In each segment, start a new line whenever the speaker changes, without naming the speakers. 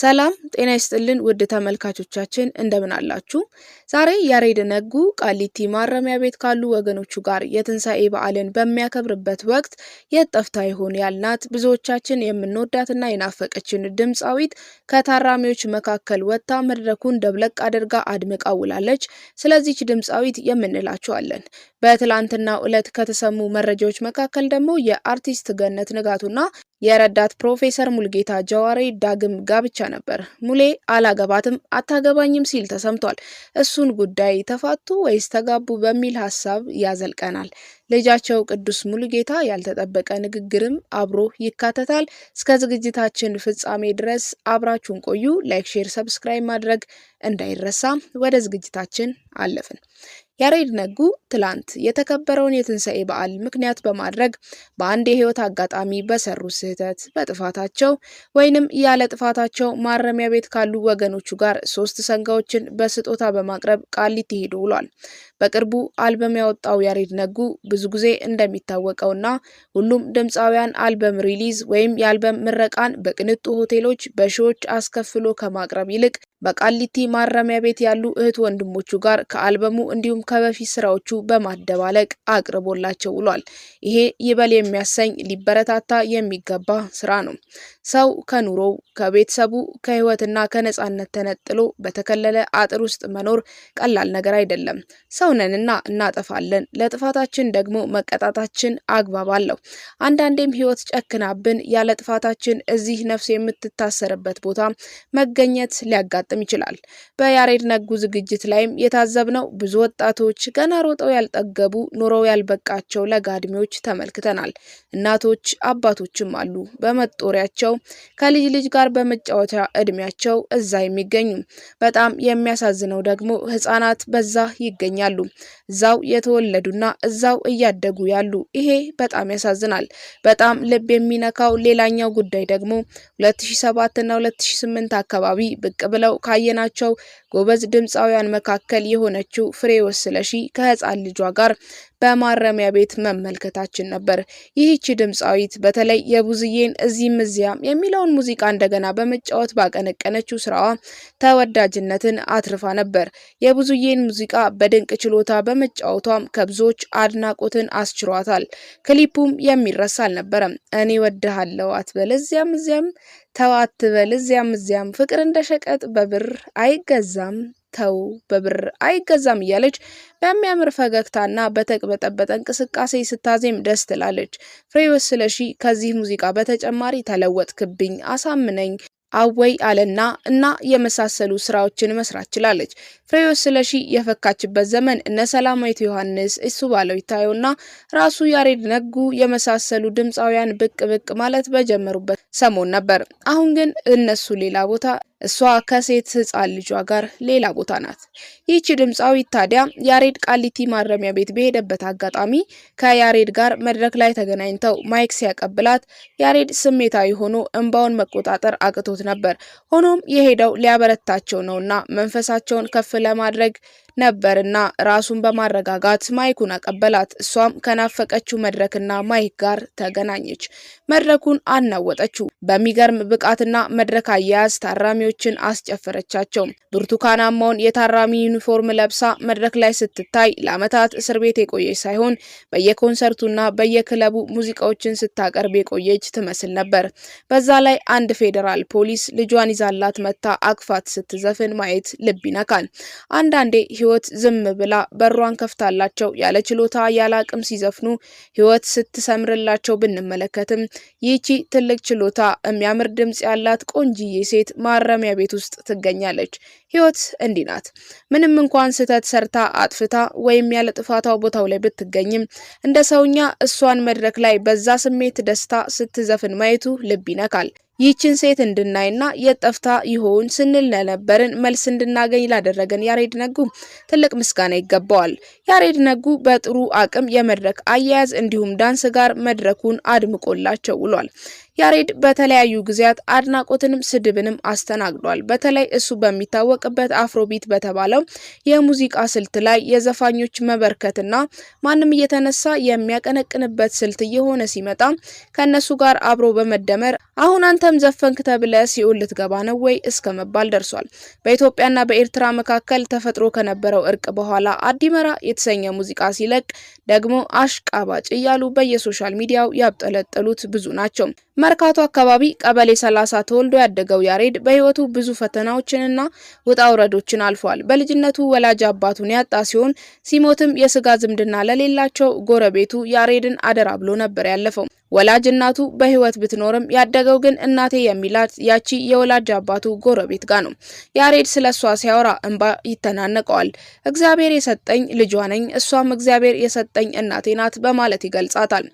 ሰላም ጤና ይስጥልን ውድ ተመልካቾቻችን እንደምን አላችሁ? ዛሬ ያሬድ ነጉ ቃሊቲ ማረሚያ ቤት ካሉ ወገኖቹ ጋር የትንሣኤ በዓልን በሚያከብርበት ወቅት የት ጠፍታ ይሆን ያልናት ብዙዎቻችን የምንወዳትና የናፈቀችን ድምፃዊት ከታራሚዎች መካከል ወጥታ መድረኩን ደብለቅ አድርጋ አድምቃ ውላለች። ስለዚች ድምፃዊት የምንላችኋለን። በትላንትናው ዕለት ከተሰሙ መረጃዎች መካከል ደግሞ የአርቲስት ገነት ንጋቱና የረዳት ፕሮፌሰር ሙልጌታ ጀዋሬ ዳግም ጋብቻ ነበር። ሙሌ አላገባትም አታገባኝም ሲል ተሰምቷል። እሱን ጉዳይ ተፋቱ ወይስ ተጋቡ በሚል ሀሳብ ያዘልቀናል። ልጃቸው ቅዱስ ሙሉጌታ ያልተጠበቀ ንግግርም አብሮ ይካተታል። እስከ ዝግጅታችን ፍጻሜ ድረስ አብራችሁን ቆዩ። ላይክ፣ ሼር፣ ሰብስክራይብ ማድረግ እንዳይረሳ። ወደ ዝግጅታችን አለፍን። ያሬድ ነጉ ትላንት የተከበረውን የትንሣኤ በዓል ምክንያት በማድረግ በአንድ የህይወት አጋጣሚ በሰሩ ስህተት በጥፋታቸው ወይንም ያለ ጥፋታቸው ማረሚያ ቤት ካሉ ወገኖቹ ጋር ሶስት ሰንጋዎችን በስጦታ በማቅረብ ቃሊቲ ሄዶ ውሏል። በቅርቡ አልበም ያወጣው ያሬድ ነጉ ብዙ ጊዜ እንደሚታወቀው እና ሁሉም ድምፃውያን አልበም ሪሊዝ ወይም የአልበም ምረቃን በቅንጡ ሆቴሎች በሺዎች አስከፍሎ ከማቅረብ ይልቅ በቃሊቲ ማረሚያ ቤት ያሉ እህት ወንድሞቹ ጋር ከአልበሙ እንዲሁም ከበፊት ስራዎቹ በማደባለቅ አቅርቦላቸው ውሏል። ይሄ ይበል የሚያሰኝ ሊበረታታ የሚገባ ስራ ነው። ሰው ከኑሮው፣ ከቤተሰቡ፣ ከህይወትና ከነጻነት ተነጥሎ በተከለለ አጥር ውስጥ መኖር ቀላል ነገር አይደለም። ሰውነንና እናጠፋለን። ለጥፋታችን ደግሞ መቀጣታችን አግባብ አለው። አንዳንዴም ህይወት ጨክናብን ያለ ጥፋታችን እዚህ ነፍስ የምትታሰርበት ቦታ መገኘት ሊያጋ ሊያጋጥም ይችላል። በያሬድ ነጉ ዝግጅት ላይም የታዘብነው ብዙ ወጣቶች ገና ሮጠው ያልጠገቡ ኑሮው ያልበቃቸው ለጋ እድሜዎች ተመልክተናል። እናቶች አባቶችም አሉ በመጦሪያቸው ከልጅ ልጅ ጋር በመጫወቻ እድሜያቸው እዛ የሚገኙ። በጣም የሚያሳዝነው ደግሞ ህጻናት በዛ ይገኛሉ። እዛው የተወለዱና እዛው እያደጉ ያሉ። ይሄ በጣም ያሳዝናል። በጣም ልብ የሚነካው ሌላኛው ጉዳይ ደግሞ 2007 እና 2008 አካባቢ ብቅ ብለው ካየናቸው ጎበዝ ድምፃውያን መካከል የሆነችው ፍሬ ወስለሺ ከህፃን ልጇ ጋር በማረሚያ ቤት መመልከታችን ነበር። ይህቺ ድምፃዊት በተለይ የቡዝዬን እዚህም እዚያም የሚለውን ሙዚቃ እንደገና በመጫወት ባቀነቀነችው ስራዋ ተወዳጅነትን አትርፋ ነበር። የቡዝዬን ሙዚቃ በድንቅ ችሎታ በመጫወቷም ከብዙዎች አድናቆትን አስችሯታል። ክሊፑም የሚረሳ አልነበረም። እኔ ወድሃለው አትበል እዚያም እዚያም ተው አትበል እዚያም እዚያም ፍቅር እንደ ሸቀጥ በብር አይገዛም ተው በብር አይገዛም እያለች በሚያምር ፈገግታና በተቅበጠበጠ እንቅስቃሴ ስታዜም ደስ ትላለች። ፍሬህይወት ስለሺ ከዚህ ሙዚቃ በተጨማሪ ተለወጥክብኝ፣ አሳምነኝ፣ አወይ አለና እና የመሳሰሉ ስራዎችን መስራት ችላለች። ፍሬሕይወት ስለሺ የፈካችበት ዘመን እነ ሰላማዊት ዮሐንስ፣ እሱ ባለው ይታየውና ራሱ ያሬድ ነጉ የመሳሰሉ ድምፃውያን ብቅ ብቅ ማለት በጀመሩበት ሰሞን ነበር። አሁን ግን እነሱ ሌላ ቦታ እሷ ከሴት ህፃን ልጇ ጋር ሌላ ቦታ ናት። ይህቺ ድምፃዊት ታዲያ ያሬድ ቃሊቲ ማረሚያ ቤት በሄደበት አጋጣሚ ከያሬድ ጋር መድረክ ላይ ተገናኝተው ማይክ ሲያቀብላት ያሬድ ስሜታዊ ሆኖ እንባውን መቆጣጠር አቅቶት ነበር። ሆኖም የሄደው ሊያበረታቸው ነውና መንፈሳቸውን ከፍ ለማድረግ ነበርና ራሱን በማረጋጋት ማይኩን አቀበላት። እሷም ከናፈቀችው መድረክና ማይክ ጋር ተገናኘች። መድረኩን አናወጠችው። በሚገርም ብቃትና መድረክ አያያዝ ታራሚዎችን አስጨፈረቻቸው። ብርቱካናማውን የታራሚ ዩኒፎርም ለብሳ መድረክ ላይ ስትታይ ለዓመታት እስር ቤት የቆየች ሳይሆን በየኮንሰርቱና በየክለቡ ሙዚቃዎችን ስታቀርብ የቆየች ትመስል ነበር። በዛ ላይ አንድ ፌዴራል ፖሊስ ልጇን ይዛላት መታ አቅፋት ስትዘፍን ማየት ልብ ይነካል። አንዳንዴ ህይወት ዝም ብላ በሯን ከፍታላቸው ያለ ችሎታ ያለ አቅም ሲዘፍኑ ህይወት ስትሰምርላቸው ብንመለከትም ይህቺ ትልቅ ችሎታ የሚያምር ድምጽ ያላት ቆንጅዬ ሴት ማረሚያ ቤት ውስጥ ትገኛለች። ህይወት እንዲህ ናት። ምንም እንኳን ስህተት ሰርታ አጥፍታ ወይም ያለ ጥፋቷ ቦታው ላይ ብትገኝም እንደ ሰውኛ እሷን መድረክ ላይ በዛ ስሜት ደስታ ስትዘፍን ማየቱ ልብ ይነካል። ይህችን ሴት እንድናይና የጠፍታ ይሆን ስንል ለነበርን መልስ እንድናገኝ ላደረገን ያሬድ ነጉ ትልቅ ምስጋና ይገባዋል። ያሬድ ነጉ በጥሩ አቅም የመድረክ አያያዝ እንዲሁም ዳንስ ጋር መድረኩን አድምቆላቸው ውሏል። ያሬድ በተለያዩ ጊዜያት አድናቆትንም ስድብንም አስተናግዷል። በተለይ እሱ በሚታወቅበት አፍሮቢት በተባለው የሙዚቃ ስልት ላይ የዘፋኞች መበርከትና ማንም እየተነሳ የሚያቀነቅንበት ስልት እየሆነ ሲመጣ ከእነሱ ጋር አብሮ በመደመር አሁን አንተም ዘፈንክ ተብለህ ሲኦል ልትገባ ነው ወይ እስከ መባል ደርሷል። በኢትዮጵያና በኤርትራ መካከል ተፈጥሮ ከነበረው እርቅ በኋላ አዲመራ የተሰኘ ሙዚቃ ሲለቅ ደግሞ አሽቃባጭ እያሉ በየሶሻል ሚዲያው ያብጠለጠሉት ብዙ ናቸው። መርካቶ አካባቢ ቀበሌ 30 ተወልዶ ያደገው ያሬድ በህይወቱ ብዙ ፈተናዎችንና ውጣ ውረዶችን አልፏል። በልጅነቱ ወላጅ አባቱን ያጣ ሲሆን ሲሞትም የስጋ ዝምድና ለሌላቸው ጎረቤቱ ያሬድን አደራ ብሎ ነበር ያለፈው። ወላጅ እናቱ በህይወት ብትኖርም ያደገው ግን እናቴ የሚላት ያቺ የወላጅ አባቱ ጎረቤት ጋ ነው። ያሬድ ስለ እሷ ሲያወራ እንባ ይተናነቀዋል። እግዚአብሔር የሰጠኝ ልጇ ነኝ፣ እሷም እግዚአብሔር የሰጠኝ እናቴ ናት በማለት ይገልጻታል።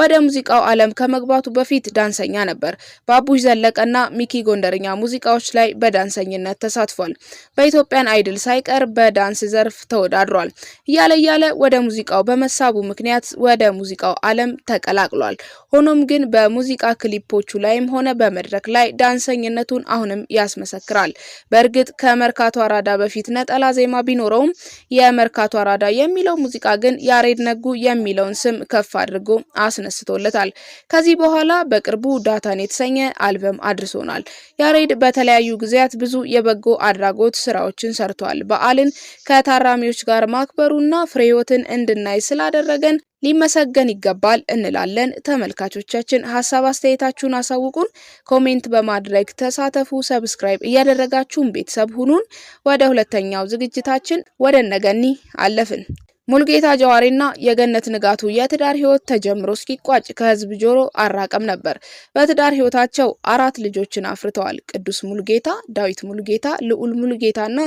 ወደ ሙዚቃው ዓለም ከመግባቱ በፊት ዳንሰኛ ነበር። ባቡሽ ዘለቀና ሚኪ ጎንደርኛ ሙዚቃዎች ላይ በዳንሰኝነት ተሳትፏል። በኢትዮጵያን አይድል ሳይቀር በዳንስ ዘርፍ ተወዳድሯል። እያለ እያለ ወደ ሙዚቃው በመሳቡ ምክንያት ወደ ሙዚቃው ዓለም ተቀላቅሏል። ሆኖም ግን በሙዚቃ ክሊፖቹ ላይም ሆነ በመድረክ ላይ ዳንሰኝነቱን አሁንም ያስመሰክራል። በእርግጥ ከመርካቶ አራዳ በፊት ነጠላ ዜማ ቢኖረውም የመርካቶ አራዳ የሚለው ሙዚቃ ግን ያሬድ ነጉ የሚለውን ስም ከፍ አድርጎ አስነስቶለታል። ከዚህ በኋላ በቅርቡ ዳታን የተሰኘ አልበም አድርሶናል። ያሬድ በተለያዩ ጊዜያት ብዙ የበጎ አድራጎት ስራዎችን ሰርቷል። በዓልን ከታራሚዎች ጋር ማክበሩና ፍሬ እንድናይ ስላደረገን ሊመሰገን ይገባል እንላለን። ተመልካቾቻችን ሀሳብ አስተያየታችሁን አሳውቁን፣ ኮሜንት በማድረግ ተሳተፉ፣ ሰብስክራይብ እያደረጋችሁን ቤተሰብ ሁኑን። ወደ ሁለተኛው ዝግጅታችን ወደ ነገኒ አለፍን። ሙልጌታ ጀዋሬና የገነት ንጋቱ የትዳር ህይወት ተጀምሮ እስኪቋጭ ከህዝብ ጆሮ አራቀም ነበር። በትዳር ህይወታቸው አራት ልጆችን አፍርተዋል። ቅዱስ ሙልጌታ፣ ዳዊት ሙልጌታ፣ ልዑል ሙልጌታና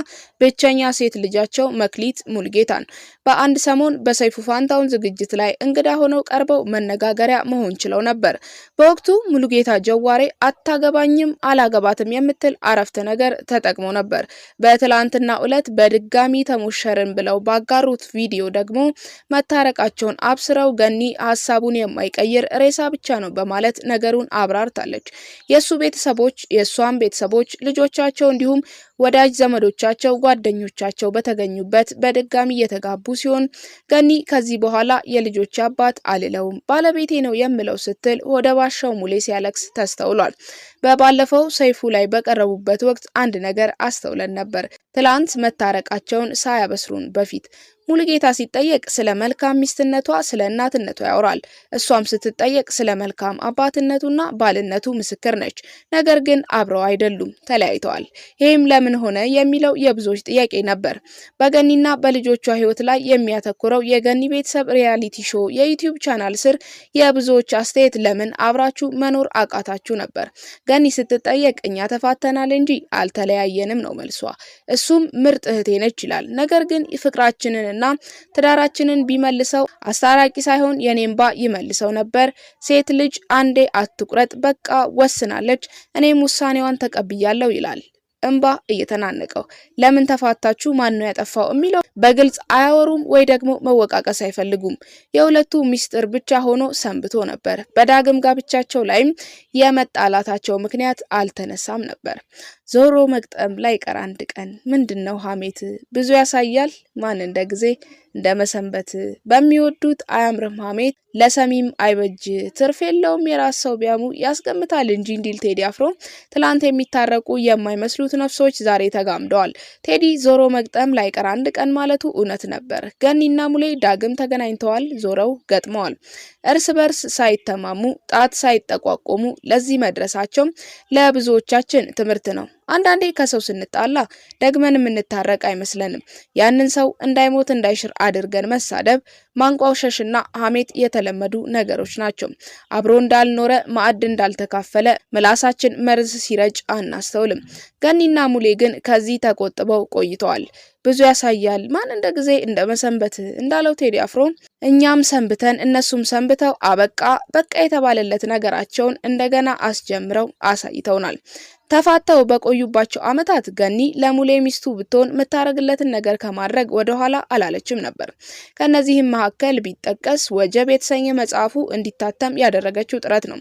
ብቸኛ ሴት ልጃቸው መክሊት ሙልጌታን በአንድ ሰሞን በሰይፉ ፋንታውን ዝግጅት ላይ እንግዳ ሆነው ቀርበው መነጋገሪያ መሆን ችለው ነበር። በወቅቱ ሙልጌታ ጀዋሬ አታገባኝም፣ አላገባትም የምትል አረፍተ ነገር ተጠቅሞ ነበር። በትላንትና ዕለት በድጋሚ ተሞሸርን ብለው ባጋሩት ቪዲዮ ደግሞ መታረቃቸውን አብስረው ገኒ ሀሳቡን የማይቀይር ሬሳ ብቻ ነው በማለት ነገሩን አብራርታለች። የእሱ ቤተሰቦች፣ የእሷም ቤተሰቦች ልጆቻቸው እንዲሁም ወዳጅ ዘመዶቻቸው፣ ጓደኞቻቸው በተገኙበት በድጋሚ እየተጋቡ ሲሆን ገኒ ከዚህ በኋላ የልጆች አባት አልለውም ባለቤቴ ነው የምለው ስትል ወደ ባሻው ሙሌ ሲያለቅስ ተስተውሏል። በባለፈው ሰይፉ ላይ በቀረቡበት ወቅት አንድ ነገር አስተውለን ነበር። ትላንት መታረቃቸውን ሳያበስሩን በፊት ሙሉጌታ ሲጠየቅ ስለ መልካም ሚስትነቷ ስለ እናትነቷ ያወራል። እሷም ስትጠየቅ ስለ መልካም አባትነቱና ባልነቱ ምስክር ነች። ነገር ግን አብረው አይደሉም፣ ተለያይተዋል። ይህም ለምን ምን ሆነ የሚለው የብዙዎች ጥያቄ ነበር። በገኒና በልጆቿ ህይወት ላይ የሚያተኩረው የገኒ ቤተሰብ ሪያሊቲ ሾው የዩቲዩብ ቻናል ስር የብዙዎች አስተያየት ለምን አብራችሁ መኖር አቃታችሁ ነበር? ገኒ ስትጠየቅ እኛ ተፋተናል እንጂ አልተለያየንም ነው መልሷ። እሱም ምርጥ እህቴ ነች ይላል። ነገር ግን ፍቅራችንንና ትዳራችንን ቢመልሰው አስታራቂ ሳይሆን የኔምባ ይመልሰው ነበር። ሴት ልጅ አንዴ አትቁረጥ፣ በቃ ወስናለች፣ እኔም ውሳኔዋን ተቀብያለሁ ይላል። እንባ እየተናነቀው ለምን ተፋታችሁ፣ ማን ነው ያጠፋው የሚለው በግልጽ አያወሩም ወይ ደግሞ መወቃቀስ አይፈልጉም። የሁለቱ ሚስጥር ብቻ ሆኖ ሰንብቶ ነበር። በዳግም ጋብቻቸው ላይም የመጣላታቸው ምክንያት አልተነሳም ነበር። ዞሮ መቅጠም ላይቀር አንድ ቀን ምንድን ነው ሐሜት ብዙ ያሳያል ማን እንደ ጊዜ እንደ መሰንበት በሚወዱት አያምርም ሐሜት ለሰሚም አይበጅ ትርፍ የለውም የራስ ሰው ቢያሙ ያስቀምጣል እንጂ እንዲል ቴዲ አፍሮ ትላንት የሚታረቁ የማይመስሉት ነፍሶች ዛሬ ተጋምደዋል። ቴዲ ዞሮ መግጠም ላይቀር አንድ ቀን ማለቱ እውነት ነበር። ገኒና ሙሌ ዳግም ተገናኝተዋል፣ ዞረው ገጥመዋል። እርስ በርስ ሳይተማሙ ጣት ሳይጠቋቆሙ ለዚህ መድረሳቸውም ለብዙዎቻችን ትምህርት ነው። አንዳንዴ ከሰው ስንጣላ ደግመን የምንታረቅ አይመስለንም። ያንን ሰው እንዳይሞት እንዳይሽር አድርገን መሳደብ፣ ማንቋሸሽና ሐሜት የተለመዱ ነገሮች ናቸው። አብሮ እንዳልኖረ ማዕድ እንዳልተካፈለ ምላሳችን መርዝ ሲረጭ አናስተውልም። ገኒና ሙሌ ግን ከዚህ ተቆጥበው ቆይተዋል። ብዙ ያሳያል ማን እንደ ጊዜ እንደ መሰንበት እንዳለው ቴዲ አፍሮ እኛም ሰንብተን እነሱም ሰንብተው አበቃ በቃ የተባለለት ነገራቸውን እንደገና አስጀምረው አሳይተውናል። ተፋተው በቆዩባቸው ዓመታት ገኒ ለሙሌ ሚስቱ ብትሆን የምታደርግለትን ነገር ከማድረግ ወደኋላ አላለችም ነበር። ከእነዚህም መካከል ቢጠቀስ ወጀብ የተሰኘ መጽሐፉ እንዲታተም ያደረገችው ጥረት ነው።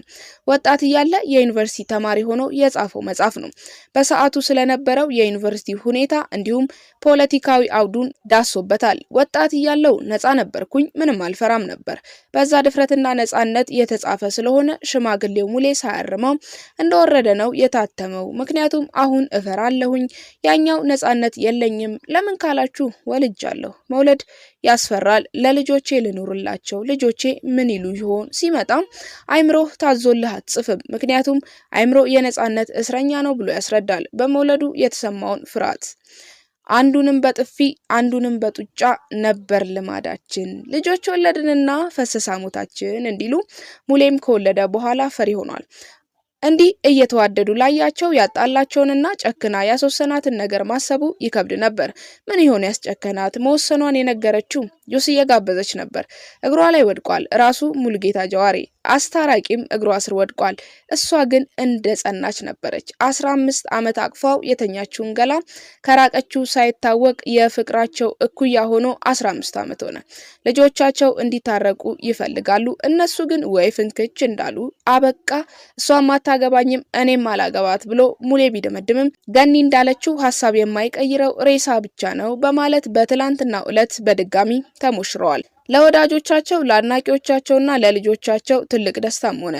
ወጣት እያለ የዩኒቨርሲቲ ተማሪ ሆኖ የጻፈው መጽሐፍ ነው። በሰዓቱ ስለነበረው የዩኒቨርሲቲ ሁኔታ እንዲሁም ፖለቲካዊ አውዱን ዳሶበታል። ወጣት እያለው ነፃ ነበርኩኝ፣ ምንም አልፈራም ነበር። በዛ ድፍረትና ነፃነት የተጻፈ ስለሆነ ሽማግሌው ሙሌ ሳያርመው እንደወረደ ነው የታተመው ነው። ምክንያቱም አሁን እፈራለሁኝ፣ ያኛው ነጻነት የለኝም። ለምን ካላችሁ ወልጃለሁ። መውለድ ያስፈራል። ለልጆቼ ልኖርላቸው፣ ልጆቼ ምን ይሉ ይሆን? ሲመጣም አይምሮ ታዞልህ አትጽፍም። ምክንያቱም አይምሮ የነጻነት እስረኛ ነው ብሎ ያስረዳል። በመውለዱ የተሰማውን ፍርሃት አንዱንም በጥፊ አንዱንም በጡጫ ነበር ልማዳችን። ልጆች ወለድንና ፈሰሳሙታችን እንዲሉ ሙሌም ከወለደ በኋላ ፈሪ ሆኗል። እንዲህ እየተዋደዱ ላያቸው ያጣላቸውንና ጨክና ያስወሰናትን ነገር ማሰቡ ይከብድ ነበር። ምን ይሆን ያስጨከናት መወሰኗን የነገረችው ጁስ እየጋበዘች ነበር። እግሯ ላይ ወድቋል ራሱ ሙሉጌታ ጀዋሬ። አስታራቂም እግሯ ስር ወድቋል። እሷ ግን እንደ ጸናች ነበረች። አስራ አምስት ዓመት አቅፋው የተኛችውን ገላ ከራቀችው ሳይታወቅ የፍቅራቸው እኩያ ሆኖ አስራ አምስት ዓመት ሆነ። ልጆቻቸው እንዲታረቁ ይፈልጋሉ። እነሱ ግን ወይ ፍንክች እንዳሉ አበቃ፣ እሷም አታገባኝም እኔም አላገባት ብሎ ሙሌ ቢደመድምም ገኒ እንዳለችው ሀሳብ የማይቀይረው ሬሳ ብቻ ነው በማለት በትላንትናው ዕለት በድጋሚ ተሞሽረዋል። ለወዳጆቻቸው ለአድናቂዎቻቸውና ለልጆቻቸው ትልቅ ደስታም ሆነ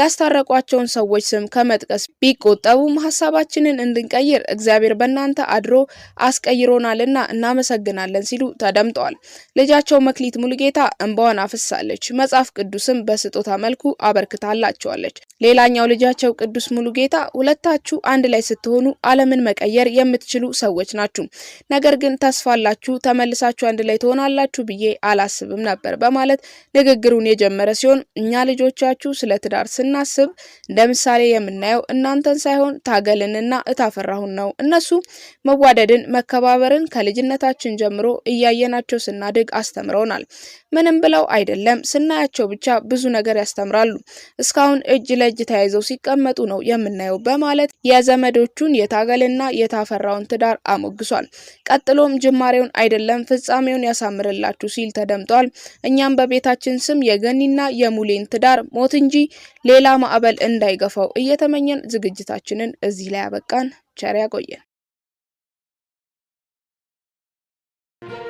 ያስታረቋቸውን ሰዎች ስም ከመጥቀስ ቢቆጠቡም ሀሳባችንን እንድንቀይር እግዚአብሔር በእናንተ አድሮ አስቀይሮናልና እናመሰግናለን ሲሉ ተደምጠዋል። ልጃቸው መክሊት ሙሉጌታ እንባዋን አፍሳለች። መጽሐፍ ቅዱስም በስጦታ መልኩ አበርክታላቸዋለች። ሌላኛው ልጃቸው ቅዱስ ሙሉጌታ ሁለታችሁ አንድ ላይ ስትሆኑ ዓለምን መቀየር የምትችሉ ሰዎች ናችሁ። ነገር ግን ተስፋላችሁ ተመልሳችሁ አንድ ላይ ትሆናላችሁ ብዬ አላስብም አናስብም ነበር በማለት ንግግሩን የጀመረ ሲሆን እኛ ልጆቻችሁ ስለ ትዳር ስናስብ እንደ ምሳሌ የምናየው እናንተን ሳይሆን ታገልንና እታፈራሁን ነው። እነሱ መዋደድን፣ መከባበርን ከልጅነታችን ጀምሮ እያየናቸው ስናድግ አስተምረውናል። ምንም ብለው አይደለም፣ ስናያቸው ብቻ ብዙ ነገር ያስተምራሉ። እስካሁን እጅ ለእጅ ተያይዘው ሲቀመጡ ነው የምናየው በማለት የዘመዶቹን የታገልና የታፈራውን ትዳር አሞግሷል። ቀጥሎም ጅማሬውን አይደለም ፍጻሜውን ያሳምርላችሁ ሲል ተደምጧል። ተናግረዋል። እኛም በቤታችን ስም የገኒና የሙሌን ትዳር ሞት እንጂ ሌላ ማዕበል እንዳይገፋው እየተመኘን ዝግጅታችንን እዚህ ላይ አበቃን። ቸር ያቆየን።